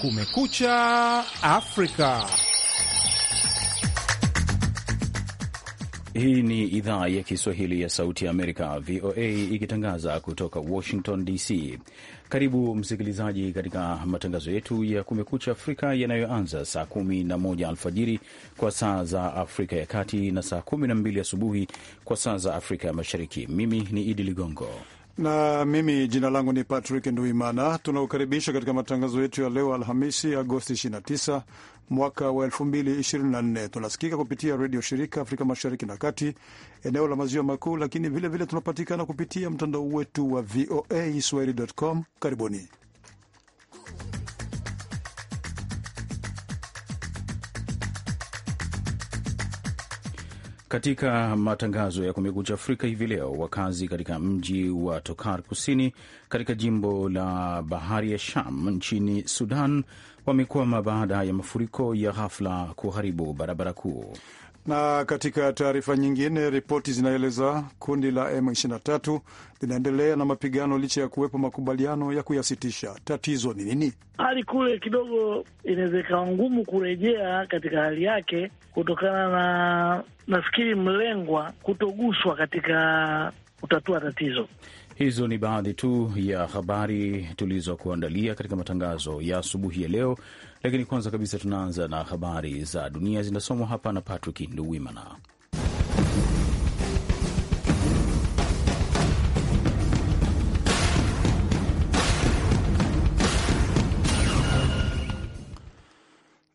Kumekucha Afrika. Hii ni idhaa ya Kiswahili ya Sauti ya Amerika, VOA, ikitangaza kutoka Washington DC. Karibu msikilizaji, katika matangazo yetu ya Kumekucha Afrika yanayoanza saa moja alfajiri kwa saa za Afrika ya Kati na saa 12 asubuhi kwa saa za Afrika ya Mashariki. Mimi ni Idi Ligongo na mimi jina langu ni Patrick Nduimana. Tunakukaribisha katika matangazo yetu ya leo Alhamisi, Agosti 29 mwaka wa 2024. Tunasikika kupitia redio shirika Afrika Mashariki na Kati, eneo la maziwa makuu, lakini vilevile tunapatikana kupitia mtandao wetu wa VOA Swahili.com. Karibuni. Katika matangazo ya Kumekucha Afrika hivi leo, wakazi katika mji wa Tokar Kusini katika jimbo la Bahari ya Sham nchini Sudan wamekwama baada ya mafuriko ya ghafla kuharibu barabara kuu. Na katika taarifa nyingine, ripoti zinaeleza kundi la M23 linaendelea na mapigano licha ya kuwepo makubaliano ya kuyasitisha. Tatizo ni nini? Hali kule kidogo inaweza ikawa ngumu kurejea katika hali yake kutokana na nafikiri mlengwa kutoguswa katika kutatua tatizo. Hizo ni baadhi tu ya habari tulizokuandalia katika matangazo ya asubuhi ya leo lakini kwanza kabisa tunaanza na habari za dunia zinasomwa hapa na Patrick Nduwimana.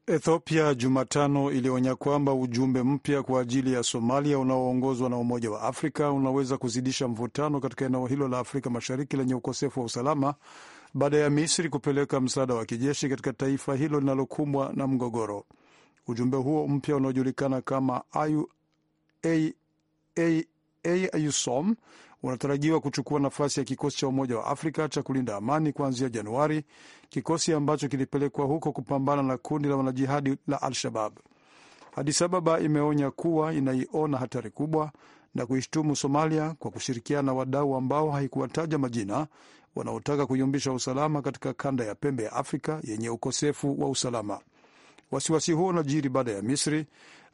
Ethiopia Jumatano ilionya kwamba ujumbe mpya kwa ajili ya Somalia unaoongozwa na Umoja wa Afrika unaweza kuzidisha mvutano katika eneo hilo la Afrika Mashariki lenye ukosefu wa usalama baada ya Misri kupeleka msaada wa kijeshi katika taifa hilo linalokumbwa na mgogoro. Ujumbe huo mpya unaojulikana kama AUSOM unatarajiwa kuchukua nafasi ya kikosi cha Umoja wa Afrika cha kulinda amani kuanzia Januari, kikosi ambacho kilipelekwa huko kupambana na kundi la wanajihadi la Al-Shabab. Addis Ababa imeonya kuwa inaiona hatari kubwa na kuishtumu Somalia kwa kushirikiana na wadau ambao haikuwataja majina wanaotaka kuyumbisha usalama katika kanda ya pembe ya Afrika yenye ukosefu wa usalama. Wasiwasi huo unajiri baada ya Misri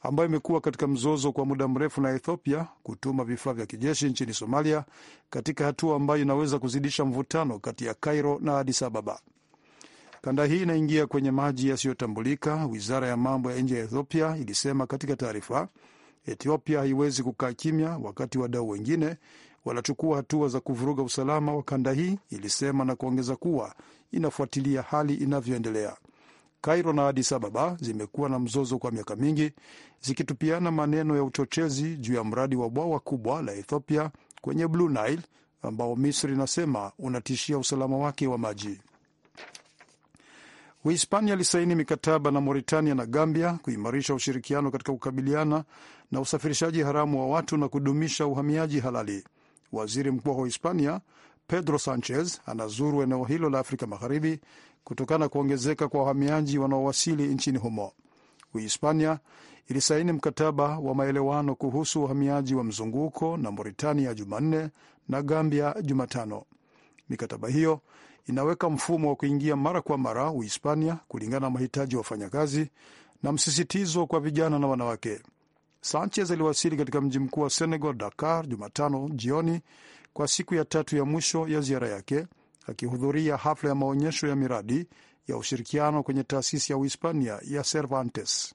ambayo imekuwa katika mzozo kwa muda mrefu na Ethiopia kutuma vifaa vya kijeshi nchini Somalia, katika hatua ambayo inaweza kuzidisha mvutano kati ya Cairo na Addis Ababa. Kanda hii inaingia kwenye maji yasiyotambulika, wizara ya mambo ya nje ya Ethiopia ilisema katika taarifa. Ethiopia haiwezi kukaa kimya wakati wadau wengine wanachukua hatua za kuvuruga usalama wa kanda hii, ilisema na kuongeza kuwa inafuatilia hali inavyoendelea. Kairo na Adis Ababa zimekuwa na mzozo kwa miaka mingi zikitupiana maneno ya uchochezi juu ya mradi wa bwawa kubwa la Ethiopia kwenye Blue Nile ambao Misri inasema unatishia usalama wake wa maji. Uhispania alisaini mikataba na Mauritania na Gambia kuimarisha ushirikiano katika kukabiliana na usafirishaji haramu wa watu na kudumisha uhamiaji halali. Waziri mkuu wa Hispania Pedro Sanchez anazuru eneo hilo la Afrika Magharibi kutokana na kuongezeka kwa wahamiaji wanaowasili nchini humo. Uhispania ilisaini mkataba wa maelewano kuhusu uhamiaji wa mzunguko na Mauritania Jumanne na Gambia Jumatano. Mikataba hiyo inaweka mfumo wa kuingia mara kwa mara Uhispania kulingana na mahitaji ya wafanyakazi na msisitizo kwa vijana na wanawake. Sanchez aliwasili katika mji mkuu wa Senegal, Dakar, Jumatano jioni kwa siku ya tatu ya mwisho ya ziara yake, akihudhuria hafla ya maonyesho ya miradi ya ushirikiano kwenye taasisi ya Uhispania ya Cervantes.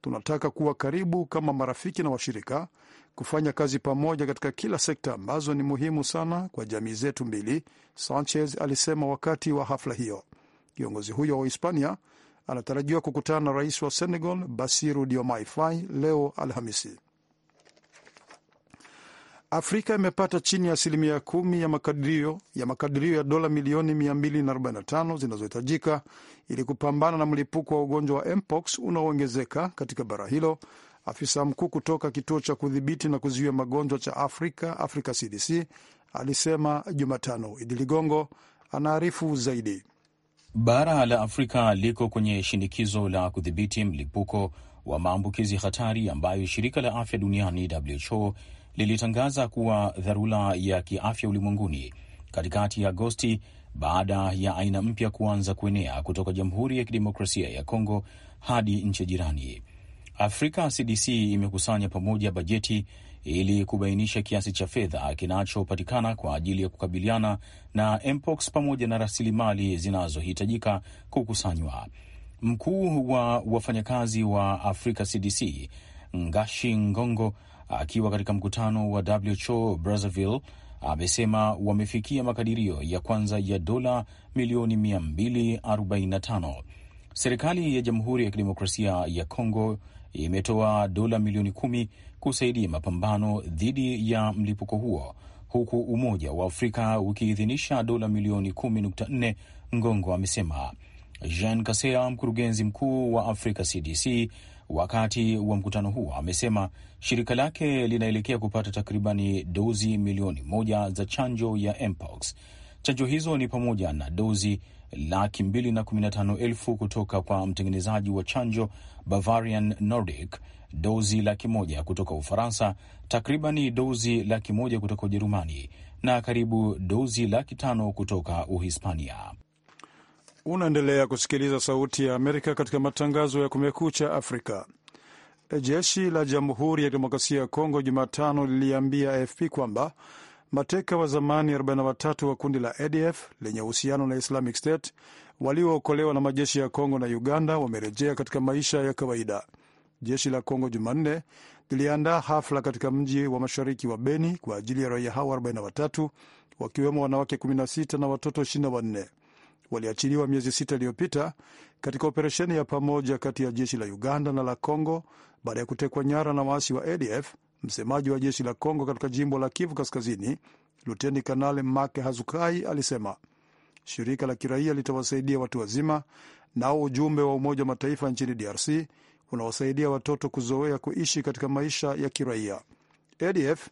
Tunataka kuwa karibu kama marafiki na washirika, kufanya kazi pamoja katika kila sekta ambazo ni muhimu sana kwa jamii zetu mbili, Sanchez alisema wakati wa hafla hiyo. Kiongozi huyo wa Uhispania anatarajiwa kukutana na rais wa Senegal Basiru Diomaye Faye leo Alhamisi. Afrika imepata chini ya asilimia kumi ya makadirio ya makadirio ya dola milioni 245 zinazohitajika ili kupambana na mlipuko wa ugonjwa wa mpox unaoongezeka katika bara hilo. Afisa mkuu kutoka kituo cha kudhibiti na kuzuia magonjwa cha Afrika, Africa CDC, alisema Jumatano. Idi Ligongo anaarifu zaidi. Bara la Afrika liko kwenye shinikizo la kudhibiti mlipuko wa maambukizi hatari ambayo shirika la afya duniani WHO lilitangaza kuwa dharura ya kiafya ulimwenguni katikati ya Agosti baada ya aina mpya kuanza kuenea kutoka Jamhuri ya Kidemokrasia ya Kongo hadi nchi jirani. Afrika CDC imekusanya pamoja bajeti ili kubainisha kiasi cha fedha kinachopatikana kwa ajili ya kukabiliana na mpox pamoja na rasilimali zinazohitajika kukusanywa. Mkuu wa wafanyakazi wa Afrika CDC Ngashi Ngongo akiwa katika mkutano wa WHO Brazzaville amesema wamefikia makadirio ya kwanza ya dola milioni 245 Serikali ya Jamhuri ya Kidemokrasia ya Kongo imetoa dola milioni kumi kusaidia mapambano dhidi ya mlipuko huo huku Umoja wa Afrika ukiidhinisha dola milioni kumi nukta nne. Ngongo amesema. Jean Kasea, mkurugenzi mkuu wa afrika CDC, wakati wa mkutano huo amesema shirika lake linaelekea kupata takribani dozi milioni moja za chanjo ya mpox. Chanjo hizo ni pamoja na dozi laki mbili na kumi na tano elfu kutoka kwa mtengenezaji wa chanjo Bavarian Nordic, dozi laki moja kutoka Ufaransa, takribani dozi laki moja kutoka Ujerumani na karibu dozi laki tano kutoka Uhispania. Unaendelea kusikiliza Sauti ya Amerika katika matangazo ya Kumekucha Afrika. Jeshi la Jamhuri ya Kidemokrasia ya Kongo Jumatano liliambia AFP kwamba Mateka wa zamani 43 wa kundi la ADF lenye uhusiano na Islamic State waliookolewa na majeshi ya Kongo na Uganda wamerejea katika maisha ya kawaida. Jeshi la Kongo Jumanne liliandaa hafla katika mji wa mashariki wa Beni kwa ajili ya raia hao 43 wakiwemo wanawake 16 na watoto 24 waliachiliwa miezi sita iliyopita katika operesheni ya pamoja kati ya jeshi la Uganda na la Congo baada ya kutekwa nyara na waasi wa ADF Msemaji wa jeshi la Kongo katika jimbo la Kivu Kaskazini, Luteni Kanale Make Hazukai alisema shirika la kiraia litawasaidia watu wazima nao ujumbe wa Umoja wa Mataifa nchini DRC unawasaidia watoto kuzoea kuishi katika maisha ya kiraia. ADF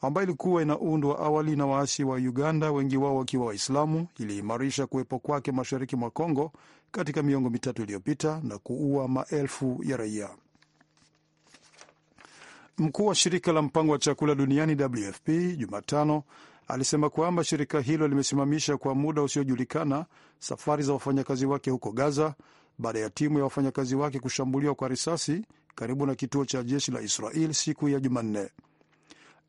ambayo ilikuwa inaundwa awali na waasi wa Uganda, wengi wao wakiwa Waislamu, iliimarisha kuwepo kwake mashariki mwa Kongo katika miongo mitatu iliyopita na kuua maelfu ya raia. Mkuu wa shirika la mpango wa chakula duniani WFP Jumatano alisema kwamba shirika hilo limesimamisha kwa muda usiojulikana safari za wafanyakazi wake huko Gaza baada ya timu ya wafanyakazi wake kushambuliwa kwa risasi karibu na kituo cha jeshi la Israel siku ya Jumanne.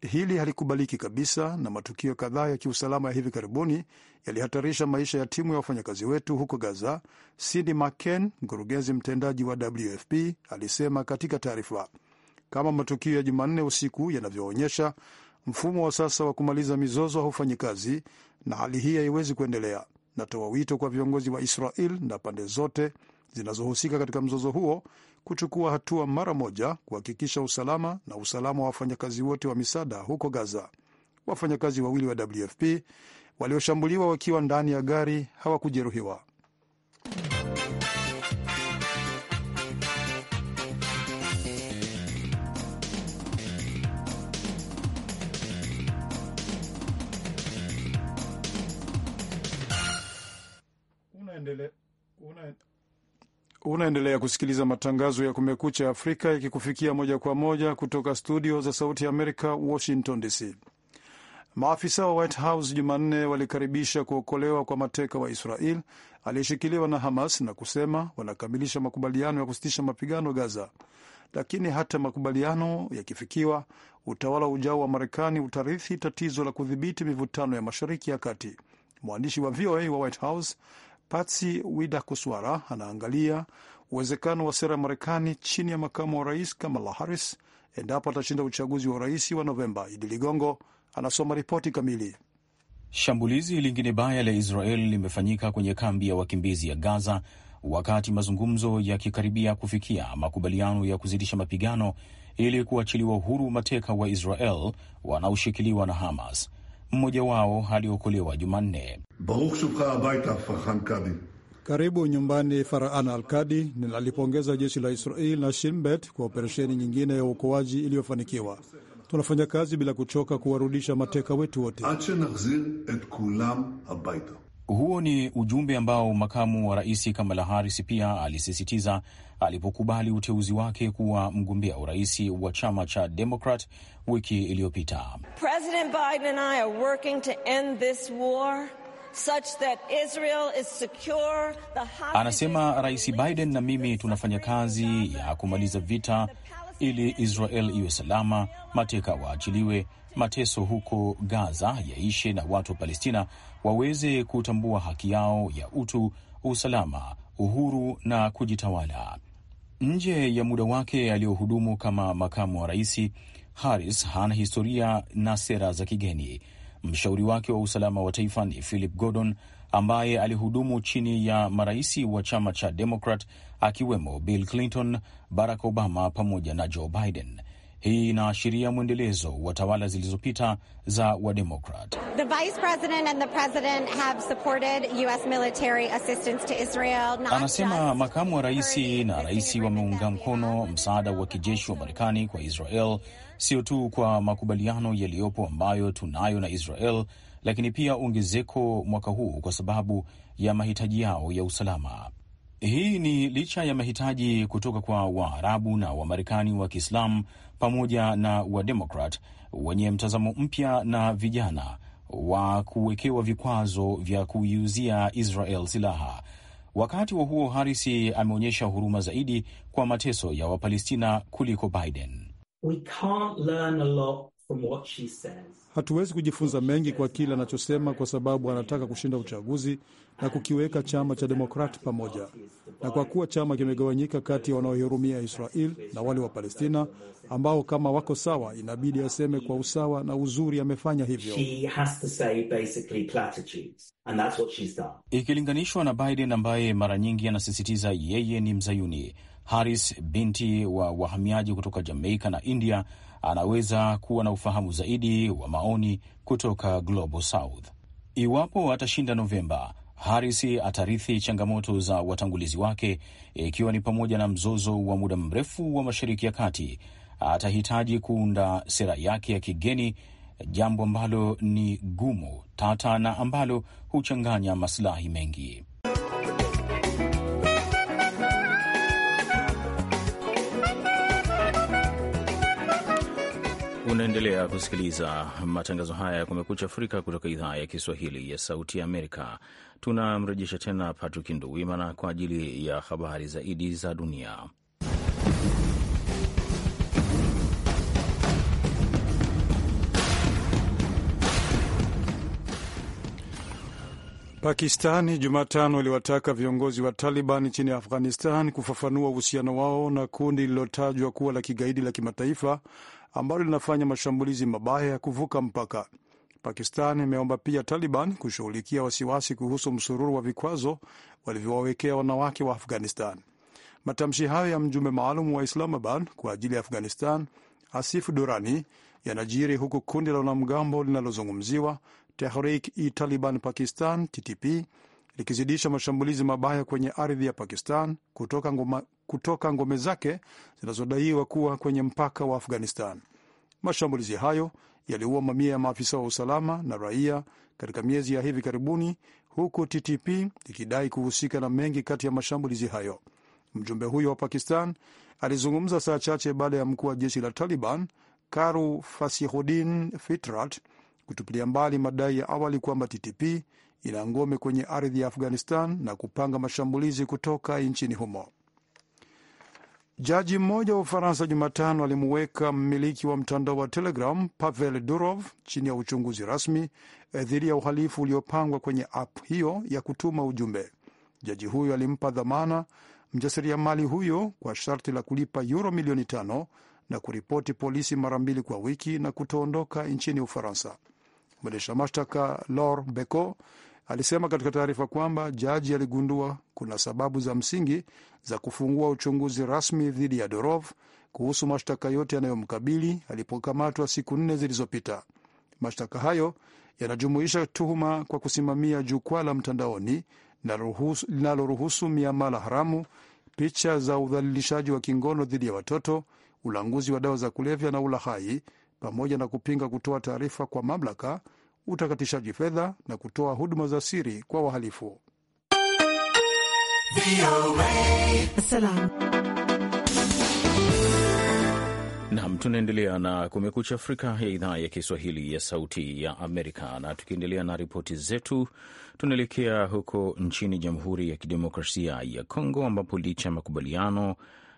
Hili halikubaliki kabisa, na matukio kadhaa ya kiusalama ya hivi karibuni yalihatarisha maisha ya timu ya wafanyakazi wetu huko Gaza, Cindy McCain, mkurugenzi mtendaji wa WFP, alisema katika taarifa. Kama matukio ya Jumanne usiku yanavyoonyesha, mfumo wa sasa wa kumaliza mizozo haufanyi kazi na hali hii haiwezi kuendelea. Natoa wito kwa viongozi wa Israel na pande zote zinazohusika katika mzozo huo kuchukua hatua mara moja kuhakikisha usalama na usalama wa wafanyakazi wote wa misaada huko Gaza. Wafanyakazi wawili wa WFP walioshambuliwa wakiwa ndani ya gari hawakujeruhiwa. Unaendelea Unaendelea kusikiliza matangazo ya Kumekucha Afrika yakikufikia moja kwa moja kutoka studio za Sauti ya Amerika, Washington DC. Maafisa wa White House Jumanne walikaribisha kuokolewa kwa mateka wa Israel aliyeshikiliwa na Hamas na kusema wanakamilisha makubaliano ya kusitisha mapigano Gaza. Lakini hata makubaliano yakifikiwa, utawala ujao wa Marekani utarithi tatizo la kudhibiti mivutano ya Mashariki ya Kati. Mwandishi wa VOA wa White House Wida Widakuswara anaangalia uwezekano wa sera ya Marekani chini ya makamu wa rais Kamala Harris endapo atashinda uchaguzi wa rais wa Novemba. Idi Ligongo anasoma ripoti kamili. Shambulizi lingine baya la Israel limefanyika kwenye kambi ya wakimbizi ya Gaza wakati mazungumzo yakikaribia kufikia makubaliano ya kuzidisha mapigano ili kuachiliwa huru mateka wa Israel wanaoshikiliwa na Hamas mmoja wao aliokolewa Jumanne. Karibu nyumbani, Farhan Alkadi nalipongeza jeshi la Israel na Shinbet kwa operesheni nyingine ya uokoaji iliyofanikiwa. Tunafanya kazi bila kuchoka kuwarudisha mateka wetu wote. Huo ni ujumbe ambao makamu wa rais Kamala Harris pia alisisitiza alipokubali uteuzi wake kuwa mgombea urais wa chama cha Demokrat wiki iliyopita. Such that Israel is secure, anasema Rais Biden na mimi tunafanya kazi ya kumaliza vita ili Israel iwe salama, mateka waachiliwe, mateso huko Gaza yaishe na watu wa Palestina waweze kutambua haki yao ya utu, usalama, uhuru na kujitawala. Nje ya muda wake aliyohudumu kama makamu wa rais, Harris hana historia na sera za kigeni. Mshauri wake wa usalama wa taifa ni Philip Gordon ambaye alihudumu chini ya maraisi wa chama cha Demokrat akiwemo Bill Clinton, Barack Obama pamoja na Joe Biden. Hii inaashiria mwendelezo wa tawala zilizopita za Wademokrat. Anasema makamu wa raisi na raisi wameunga mkono msaada wa kijeshi wa Marekani kwa Israel, sio tu kwa makubaliano yaliyopo ambayo tunayo na Israel, lakini pia ongezeko mwaka huu kwa sababu ya mahitaji yao ya usalama. Hii ni licha ya mahitaji kutoka kwa Waarabu na Wamarekani wa Kiislamu pamoja na Wademokrat wenye mtazamo mpya na vijana wa kuwekewa vikwazo vya kuiuzia Israel silaha. Wakati wa huo, Harris ameonyesha huruma zaidi kwa mateso ya Wapalestina kuliko Biden. We can't learn a lot Hatuwezi kujifunza mengi kwa kile anachosema, kwa sababu anataka kushinda uchaguzi na kukiweka chama cha Demokrat pamoja, na kwa kuwa chama kimegawanyika kati ya wanaohurumia Israel na wale wa Palestina ambao kama wako sawa, inabidi aseme kwa usawa na uzuri amefanya hivyo. Ikilinganishwa na Biden ambaye mara nyingi anasisitiza yeye ni mzayuni, Harris binti wa wahamiaji kutoka Jamaika na India anaweza kuwa na ufahamu zaidi wa maoni kutoka Global South. Iwapo atashinda Novemba, Harris atarithi changamoto za watangulizi wake, ikiwa ni pamoja na mzozo wa muda mrefu wa Mashariki ya Kati. Atahitaji kuunda sera yake ya kigeni, jambo ambalo ni gumu, tata na ambalo huchanganya masilahi mengi. Unaendelea kusikiliza matangazo haya ya Kumekucha Afrika kutoka idhaa ya Kiswahili ya Sauti ya Amerika. Tunamrejesha tena Patrick Nduwimana kwa ajili ya habari zaidi za dunia. Pakistani Jumatano iliwataka viongozi wa Taliban nchini Afghanistan kufafanua uhusiano wao na kundi lililotajwa kuwa la kigaidi la kimataifa ambalo linafanya mashambulizi mabaya ya kuvuka mpaka. Pakistan imeomba pia Taliban kushughulikia wasiwasi kuhusu msururu wa vikwazo walivyowawekea wanawake wa Afghanistan. Matamshi hayo ya mjumbe maalum wa Islamabad kwa ajili ya Afghanistan, Asif Durani, yanajiri huku kundi la wanamgambo linalozungumziwa Tehrik i Taliban Pakistan, TTP, likizidisha mashambulizi mabaya kwenye ardhi ya Pakistan kutoka ngome, kutoka ngome zake zinazodaiwa kuwa kwenye mpaka wa Afghanistan. Mashambulizi hayo yaliua mamia ya maafisa wa usalama na raia katika miezi ya hivi karibuni, huku TTP ikidai kuhusika na mengi kati ya mashambulizi hayo. Mjumbe huyo wa Pakistan alizungumza saa chache baada ya mkuu wa jeshi la Taliban Karu Fasihuddin Fitrat kutupilia mbali madai ya awali kwamba TTP ina ngome kwenye ardhi ya Afghanistan na kupanga mashambulizi kutoka nchini humo. Jaji mmoja wa Ufaransa Jumatano alimuweka mmiliki wa mtandao wa Telegram Pavel Durov chini ya uchunguzi rasmi eh, dhidi ya uhalifu uliopangwa kwenye app hiyo ya kutuma ujumbe. Jaji huyo alimpa dhamana mjasiriamali huyo kwa sharti la kulipa yuro milioni tano na kuripoti polisi mara mbili kwa wiki na kutoondoka nchini Ufaransa. Mwendesha mashtaka Lor Beko alisema katika taarifa kwamba jaji aligundua kuna sababu za msingi za kufungua uchunguzi rasmi dhidi ya Dorov kuhusu mashtaka yote yanayomkabili alipokamatwa siku nne zilizopita. Mashtaka hayo yanajumuisha tuhuma kwa kusimamia jukwaa la mtandaoni linaloruhusu miamala haramu, picha za udhalilishaji wa kingono dhidi ya watoto, ulanguzi wa dawa za kulevya na hai pamoja na kupinga kutoa taarifa kwa mamlaka utakatishaji fedha na kutoa huduma za siri kwa wahalifu. Nam, tunaendelea na Kumekucha Afrika ya idhaa ya Kiswahili ya Sauti ya Amerika. Na tukiendelea na ripoti zetu, tunaelekea huko nchini Jamhuri ya Kidemokrasia ya Kongo, ambapo licha ya makubaliano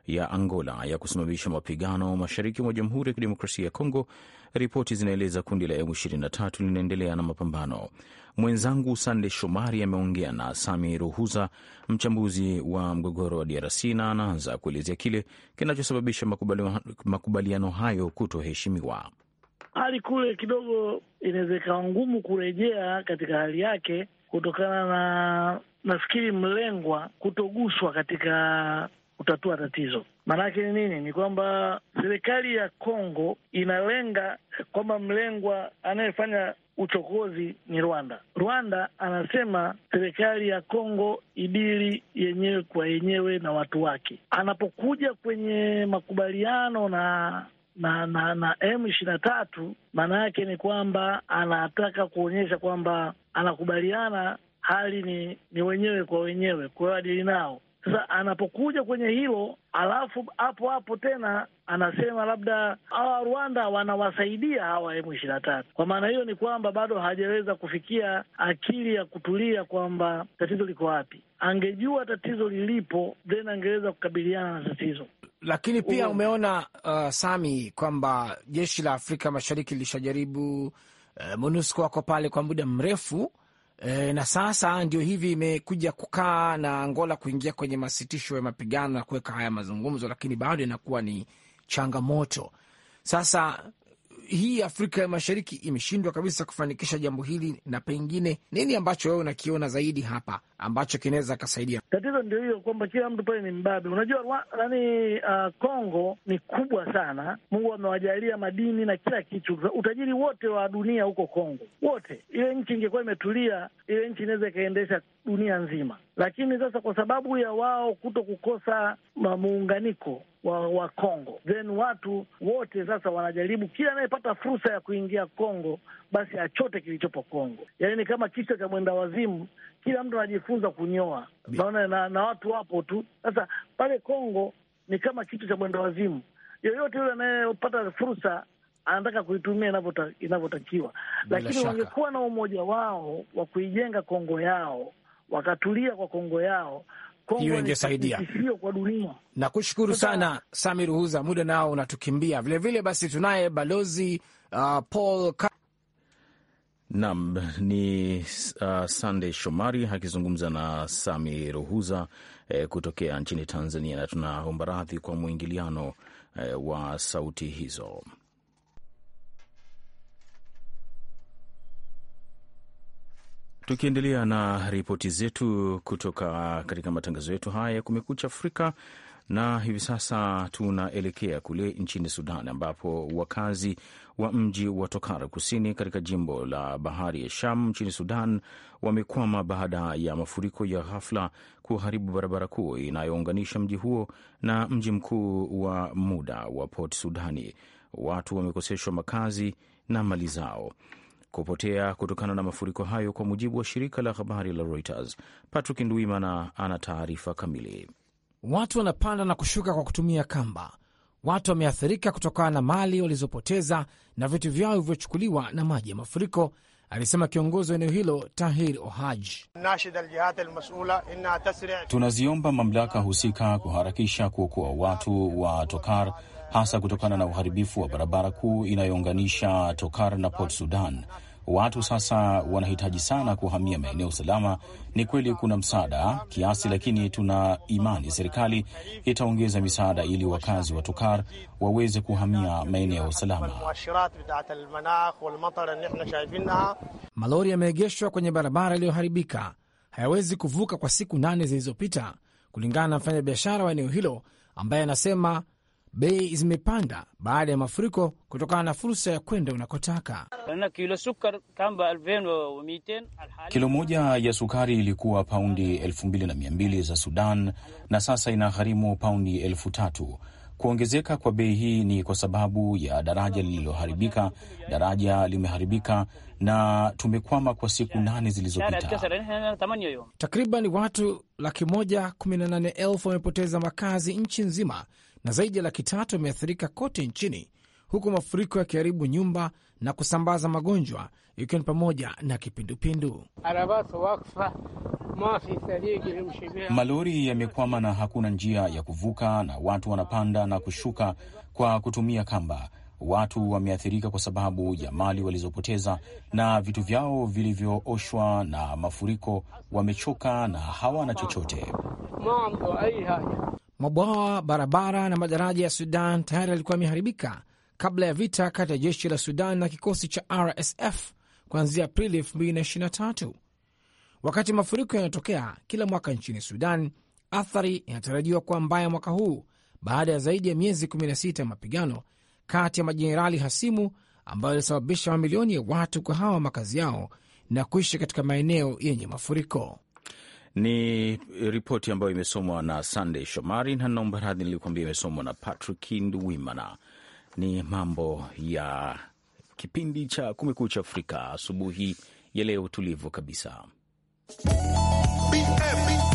ya Angola ya kusimamisha mapigano mashariki mwa Jamhuri ya Kidemokrasia ya Kongo. Ripoti zinaeleza kundi la M23 linaendelea na mapambano. Mwenzangu Sande Shomari ameongea na Sami Ruhuza, mchambuzi wa mgogoro wa DRC, na anaanza kuelezea kile kinachosababisha makubaliano hayo kutoheshimiwa. Hali kule kidogo inaweza ikawa ngumu kurejea katika hali yake kutokana na nafikiri mlengwa kutoguswa katika kutatua tatizo. Maanake ni nini? Ni kwamba serikali ya Kongo inalenga kwamba mlengwa anayefanya uchokozi ni Rwanda. Rwanda anasema serikali ya Kongo idili yenyewe kwa yenyewe na watu wake. Anapokuja kwenye makubaliano na na na na M ishirini na tatu, maana yake ni kwamba anataka kuonyesha kwamba anakubaliana hali ni ni wenyewe kwa wenyewe, kwa hiyo adili nao sasa anapokuja kwenye hilo, alafu hapo hapo tena anasema labda hawa Rwanda wanawasaidia hawa emu ishirini na tatu. Kwa maana hiyo ni kwamba bado hajaweza kufikia akili ya kutulia kwamba tatizo liko wapi. Angejua tatizo lilipo, then angeweza kukabiliana na tatizo. Lakini pia umeona uh, Sami, kwamba jeshi la Afrika Mashariki lilishajaribu uh, MONUSCO wako pale kwa muda mrefu E, na sasa ndio hivi imekuja kukaa na Angola kuingia kwenye masitisho ya mapigano na kuweka haya mazungumzo, lakini bado inakuwa ni changamoto. Sasa hii Afrika ya Mashariki imeshindwa kabisa kufanikisha jambo hili, na pengine nini ambacho wewe unakiona zaidi hapa ambacho kinaweza kasaidia. Tatizo ndio hiyo kwamba kila mtu pale ni mbabe. Unajua nani, uh, Kongo ni kubwa sana. Mungu amewajalia madini na kila kitu, utajiri wote wa dunia huko Kongo wote. Ile nchi ingekuwa imetulia, ile nchi inaweza ikaendesha dunia nzima, lakini sasa kwa sababu ya wao kuto kukosa muunganiko wa, wa Kongo then watu wote sasa wanajaribu, kila anayepata fursa ya kuingia Kongo basi achote kilichopo Kongo. Yani ni kama kichwa cha mwenda wazimu, kila mtu wamejifunza kunyoa naona na, na watu wapo tu. Sasa pale Kongo ni kama kitu cha mwenda wazimu, yoyote yule anayepata fursa anataka kuitumia inavyotakiwa, lakini wangekuwa na umoja wao wa kuijenga Kongo yao wakatulia kwa Kongo yao hiyo ingesaidia na kushukuru Kuta... sana Sami Ruhuza, muda nao unatukimbia vilevile. Basi tunaye balozi uh, Paul Nam ni uh, Sandey Shomari akizungumza na Sami Ruhuza eh, kutokea nchini Tanzania, na tunaomba radhi kwa mwingiliano eh, wa sauti hizo. Tukiendelea na ripoti zetu kutoka katika matangazo yetu haya ya Kumekucha Afrika, na hivi sasa tunaelekea kule nchini Sudan ambapo wakazi wa mji wa Tokara kusini katika jimbo la bahari ya Sham nchini Sudan wamekwama baada ya mafuriko ya ghafla kuharibu barabara kuu inayounganisha mji huo na mji mkuu wa muda wa Port Sudani. Watu wamekoseshwa makazi na mali zao kupotea kutokana na mafuriko hayo, kwa mujibu wa shirika la habari la Reuters. Patrick Ndwimana ana taarifa kamili. Watu wanapanda na kushuka kwa kutumia kamba. Watu wameathirika kutokana na mali walizopoteza na vitu vyao vilivyochukuliwa na maji ya mafuriko, alisema kiongozi wa eneo hilo Tahir Ohaj. Tunaziomba mamlaka husika kuharakisha kuokoa watu wa Tokar, hasa kutokana na uharibifu wa barabara kuu inayounganisha Tokar na Port Sudan Watu sasa wanahitaji sana kuhamia maeneo salama. Ni kweli kuna msaada kiasi, lakini tuna imani serikali itaongeza misaada ili wakazi wa Tukar waweze kuhamia maeneo salama. Malori yameegeshwa kwenye barabara iliyoharibika, hayawezi kuvuka kwa siku nane zilizopita, kulingana na mfanyabiashara wa eneo hilo ambaye anasema bei zimepanda baada ya mafuriko kutokana na fursa ya kwenda unakotaka. Kilo moja ya sukari ilikuwa paundi elfu mbili na mia mbili za Sudan na sasa inagharimu paundi elfu tatu. Kuongezeka kwa bei hii ni kwa sababu ya daraja lililoharibika. Daraja limeharibika na tumekwama kwa siku nane zilizopita. Takriban watu laki moja kumi na nane elfu wamepoteza makazi nchi nzima na zaidi ya laki tatu wameathirika kote nchini, huku mafuriko yakiharibu nyumba na kusambaza magonjwa ikiwa ni pamoja na kipindupindu. Malori yamekwama na hakuna njia ya kuvuka, na watu wanapanda na kushuka kwa kutumia kamba. Watu wameathirika kwa sababu ya mali walizopoteza na vitu vyao vilivyooshwa na mafuriko. Wamechoka na hawana chochote. Mabwawa, barabara na madaraja ya Sudan tayari yalikuwa yameharibika kabla ya vita kati ya jeshi la Sudan na kikosi cha RSF kuanzia Aprili 2023. Wakati mafuriko yanayotokea kila mwaka nchini Sudan, athari inatarajiwa kuwa mbaya mwaka huu baada ya zaidi ya miezi 16 ya mapigano kati ya majenerali hasimu ambayo ilisababisha mamilioni ya watu kuhama makazi yao na kuishi katika maeneo yenye mafuriko. Ni ripoti ambayo imesomwa na sandey Shomari, na naomba radhi nilikuambia imesomwa na Patrick ndwimana Ni mambo ya kipindi cha Kumekucha Afrika asubuhi ya leo, tulivu kabisa BM.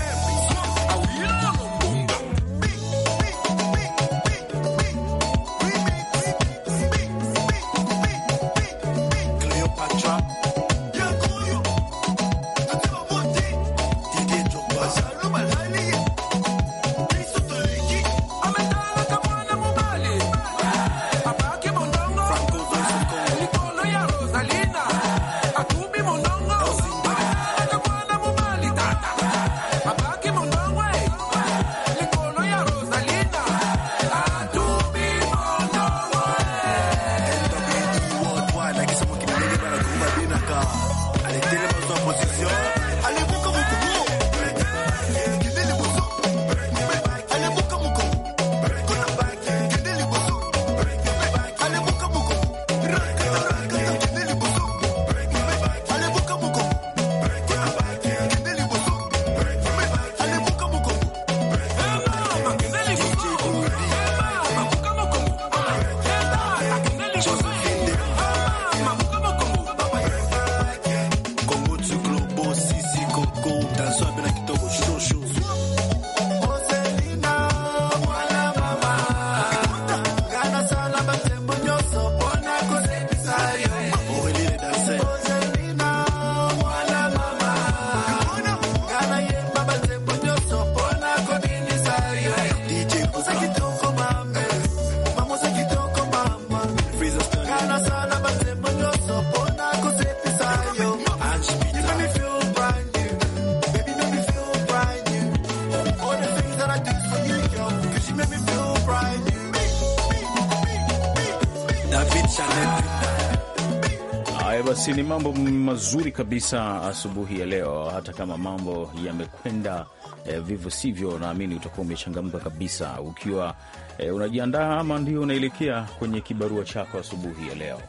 Basi ni mambo mazuri kabisa asubuhi ya leo, hata kama mambo yamekwenda eh, vivyo sivyo, naamini utakuwa umechangamka kabisa ukiwa eh, unajiandaa ama ndio unaelekea kwenye kibarua chako asubuhi ya leo.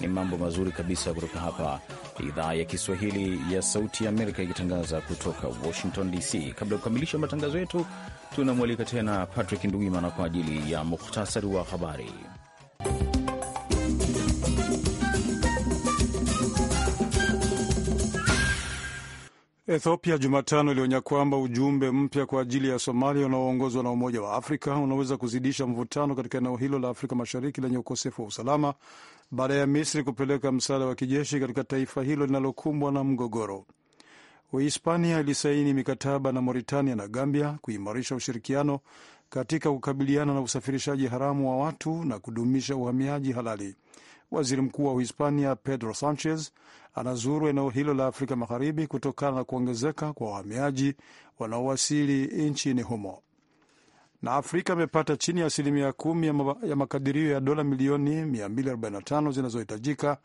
Ni mambo mazuri kabisa kutoka hapa idhaa ya Kiswahili ya Sauti ya Amerika ikitangaza kutoka Washington DC. Kabla ya kukamilisha matangazo yetu, tunamwalika tena Patrick Nduimana kwa ajili ya muhtasari wa habari. Ethiopia Jumatano ilionya kwamba ujumbe mpya kwa ajili ya Somalia unaoongozwa na Umoja wa Afrika unaweza kuzidisha mvutano katika eneo hilo la Afrika Mashariki lenye ukosefu wa usalama baada ya Misri kupeleka msaada wa kijeshi katika taifa hilo linalokumbwa na mgogoro. Uhispania ilisaini mikataba na Mauritania na Gambia kuimarisha ushirikiano katika kukabiliana na usafirishaji haramu wa watu na kudumisha uhamiaji halali. Waziri Mkuu wa Uhispania Pedro Sanchez anazuru eneo hilo la Afrika Magharibi kutokana na kuongezeka kwa wahamiaji wanaowasili nchini humo. Na Afrika imepata chini ya asilimia kumi ya makadirio ya dola milioni 245 zinazohitajika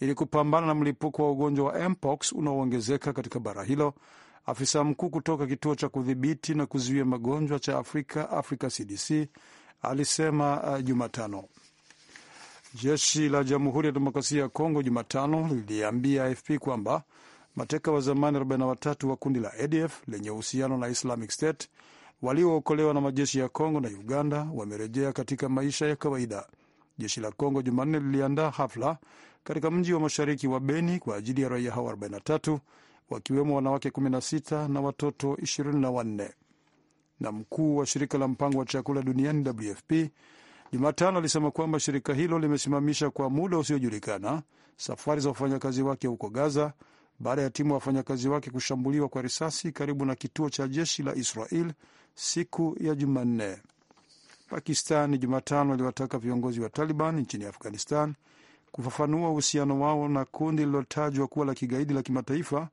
ili kupambana na mlipuko wa ugonjwa wa mpox unaoongezeka katika bara hilo. Afisa mkuu kutoka kituo cha kudhibiti na kuzuia magonjwa cha Afrika, Africa CDC, alisema uh, Jumatano. Jeshi la Jamhuri ya Demokrasia ya Kongo Jumatano liliambia AFP kwamba mateka wa zamani 43 wa kundi la ADF lenye uhusiano na Islamic State waliookolewa na majeshi ya Kongo na Uganda wamerejea katika maisha ya kawaida. Jeshi la Kongo Jumanne liliandaa hafla katika mji wa mashariki wa Beni kwa ajili ya raia hao 43 wakiwemo wanawake 16 na watoto 24. Na mkuu wa shirika la mpango wa chakula duniani WFP Jumatano alisema kwamba shirika hilo limesimamisha kwa muda usiojulikana safari za wafanyakazi wake huko Gaza baada ya timu ya wafanyakazi wake kushambuliwa kwa risasi karibu na kituo cha jeshi la Israel siku ya Jumanne. Pakistan Jumatano aliwataka viongozi wa Taliban nchini Afghanistan kufafanua uhusiano wao na kundi lililotajwa kuwa la kigaidi la kimataifa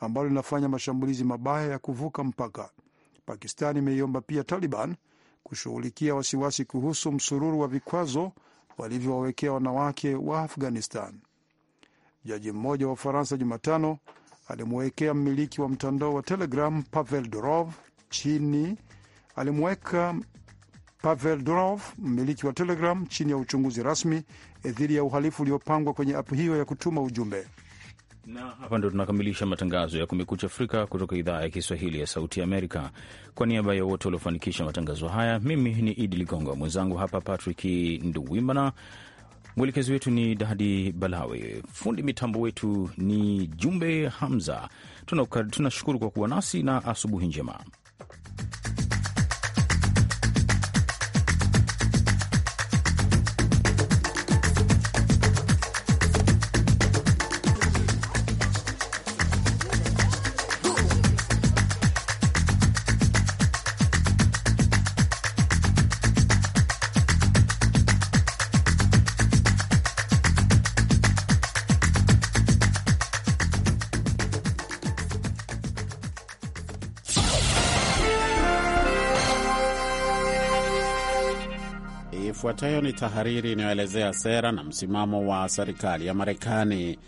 ambalo linafanya mashambulizi mabaya ya kuvuka mpaka. Pakistan imeiomba pia Taliban kushughulikia wasiwasi kuhusu msururu wa vikwazo walivyowawekea wanawake wa Afghanistan. Jaji mmoja wa Ufaransa Jumatano alimwekea mmiliki wa mtandao wa Telegram Pavel Durov chini alimweka Pavel Durov mmiliki wa Telegram chini ya uchunguzi rasmi dhidi ya uhalifu uliopangwa kwenye app hiyo ya kutuma ujumbe na hapa ndo tunakamilisha matangazo ya Kumekucha Afrika kutoka idhaa ya Kiswahili ya Sauti Amerika. Kwa niaba ya wote waliofanikisha matangazo haya, mimi ni Idi Ligongo, mwenzangu hapa Patrick Nduwimana, mwelekezi wetu ni Dadi Balawe, fundi mitambo wetu ni Jumbe Hamza. Tunashukuru kwa kuwa nasi na asubuhi njema. Ifuatayo ni tahariri inayoelezea sera na msimamo wa serikali ya Marekani.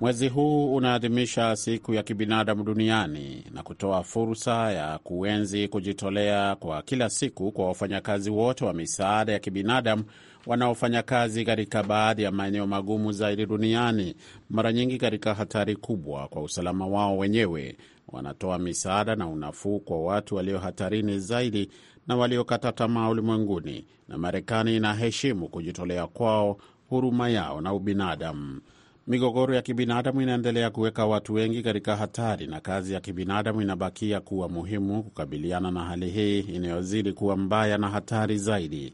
Mwezi huu unaadhimisha siku ya kibinadamu duniani na kutoa fursa ya kuenzi kujitolea kwa kila siku kwa wafanyakazi wote wa misaada ya kibinadamu wanaofanya kazi katika baadhi ya maeneo magumu zaidi duniani, mara nyingi katika hatari kubwa kwa usalama wao wenyewe. Wanatoa misaada na unafuu kwa watu walio hatarini zaidi na waliokata tamaa ulimwenguni, na Marekani inaheshimu kujitolea kwao, huruma yao na ubinadamu. Migogoro ya kibinadamu inaendelea kuweka watu wengi katika hatari, na kazi ya kibinadamu inabakia kuwa muhimu kukabiliana na hali hii inayozidi kuwa mbaya na hatari zaidi.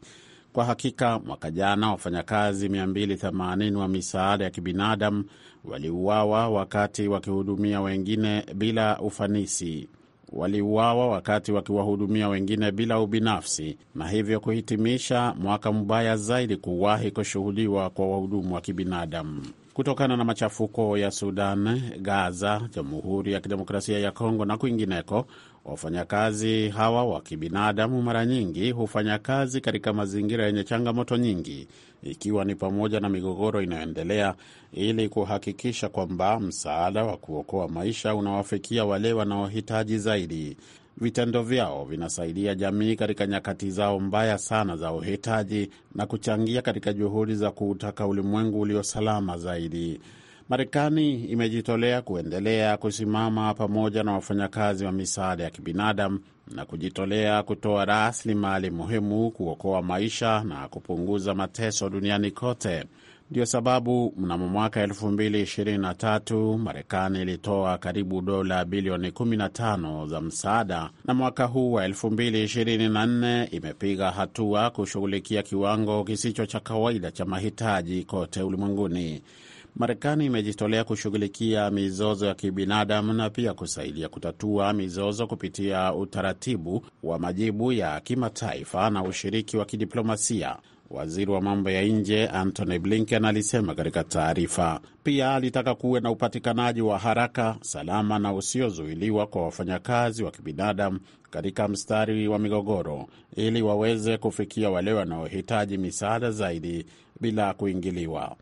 Kwa hakika, mwaka jana wafanyakazi 280 wa misaada ya kibinadamu waliuawa wakati wakihudumia wengine bila ufanisi waliuawa wakati wakiwahudumia wengine bila ubinafsi, na hivyo kuhitimisha mwaka mbaya zaidi kuwahi kushuhudiwa kwa wahudumu wa kibinadamu. Kutokana na machafuko ya Sudan, Gaza, Jamhuri ya Kidemokrasia ya Kongo na kwingineko, Wafanyakazi hawa wa kibinadamu mara nyingi hufanya kazi katika mazingira yenye changamoto nyingi, ikiwa ni pamoja na migogoro inayoendelea, ili kuhakikisha kwamba msaada wa kuokoa maisha unawafikia wale wanaohitaji zaidi. Vitendo vyao vinasaidia jamii katika nyakati zao mbaya sana za uhitaji na kuchangia katika juhudi za kuutaka ulimwengu ulio salama zaidi. Marekani imejitolea kuendelea kusimama pamoja na wafanyakazi wa misaada ya kibinadamu na kujitolea kutoa rasilimali muhimu kuokoa maisha na kupunguza mateso duniani kote. Ndiyo sababu mnamo mwaka 2023 Marekani ilitoa karibu dola bilioni 15 za msaada, na mwaka huu wa 2024 imepiga hatua kushughulikia kiwango kisicho cha kawaida cha mahitaji kote ulimwenguni. Marekani imejitolea kushughulikia mizozo ya kibinadamu na pia kusaidia kutatua mizozo kupitia utaratibu wa majibu ya kimataifa na ushiriki wa kidiplomasia. Waziri wa mambo ya nje Antony Blinken alisema katika taarifa. Pia alitaka kuwe na upatikanaji wa haraka, salama na usiozuiliwa kwa wafanyakazi wa kibinadamu katika mstari wa migogoro, ili waweze kufikia wale wanaohitaji misaada zaidi bila kuingiliwa.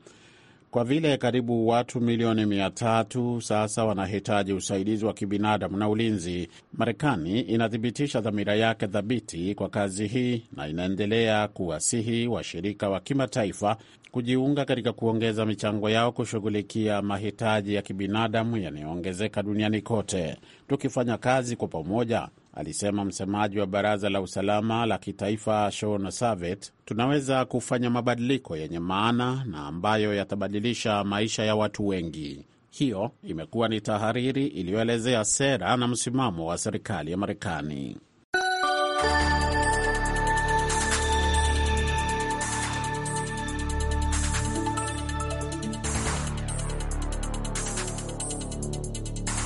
Kwa vile karibu watu milioni mia tatu sasa wanahitaji usaidizi wa kibinadamu na ulinzi, Marekani inathibitisha dhamira yake thabiti kwa kazi hii na inaendelea kuwasihi washirika wa, wa kimataifa kujiunga katika kuongeza michango yao kushughulikia mahitaji ya kibinadamu yanayoongezeka duniani kote. Tukifanya kazi kwa pamoja, alisema msemaji wa baraza la usalama la kitaifa Shon Savet. Tunaweza kufanya mabadiliko yenye maana na ambayo yatabadilisha maisha ya watu wengi. Hiyo imekuwa ni tahariri iliyoelezea sera na msimamo wa serikali ya Marekani.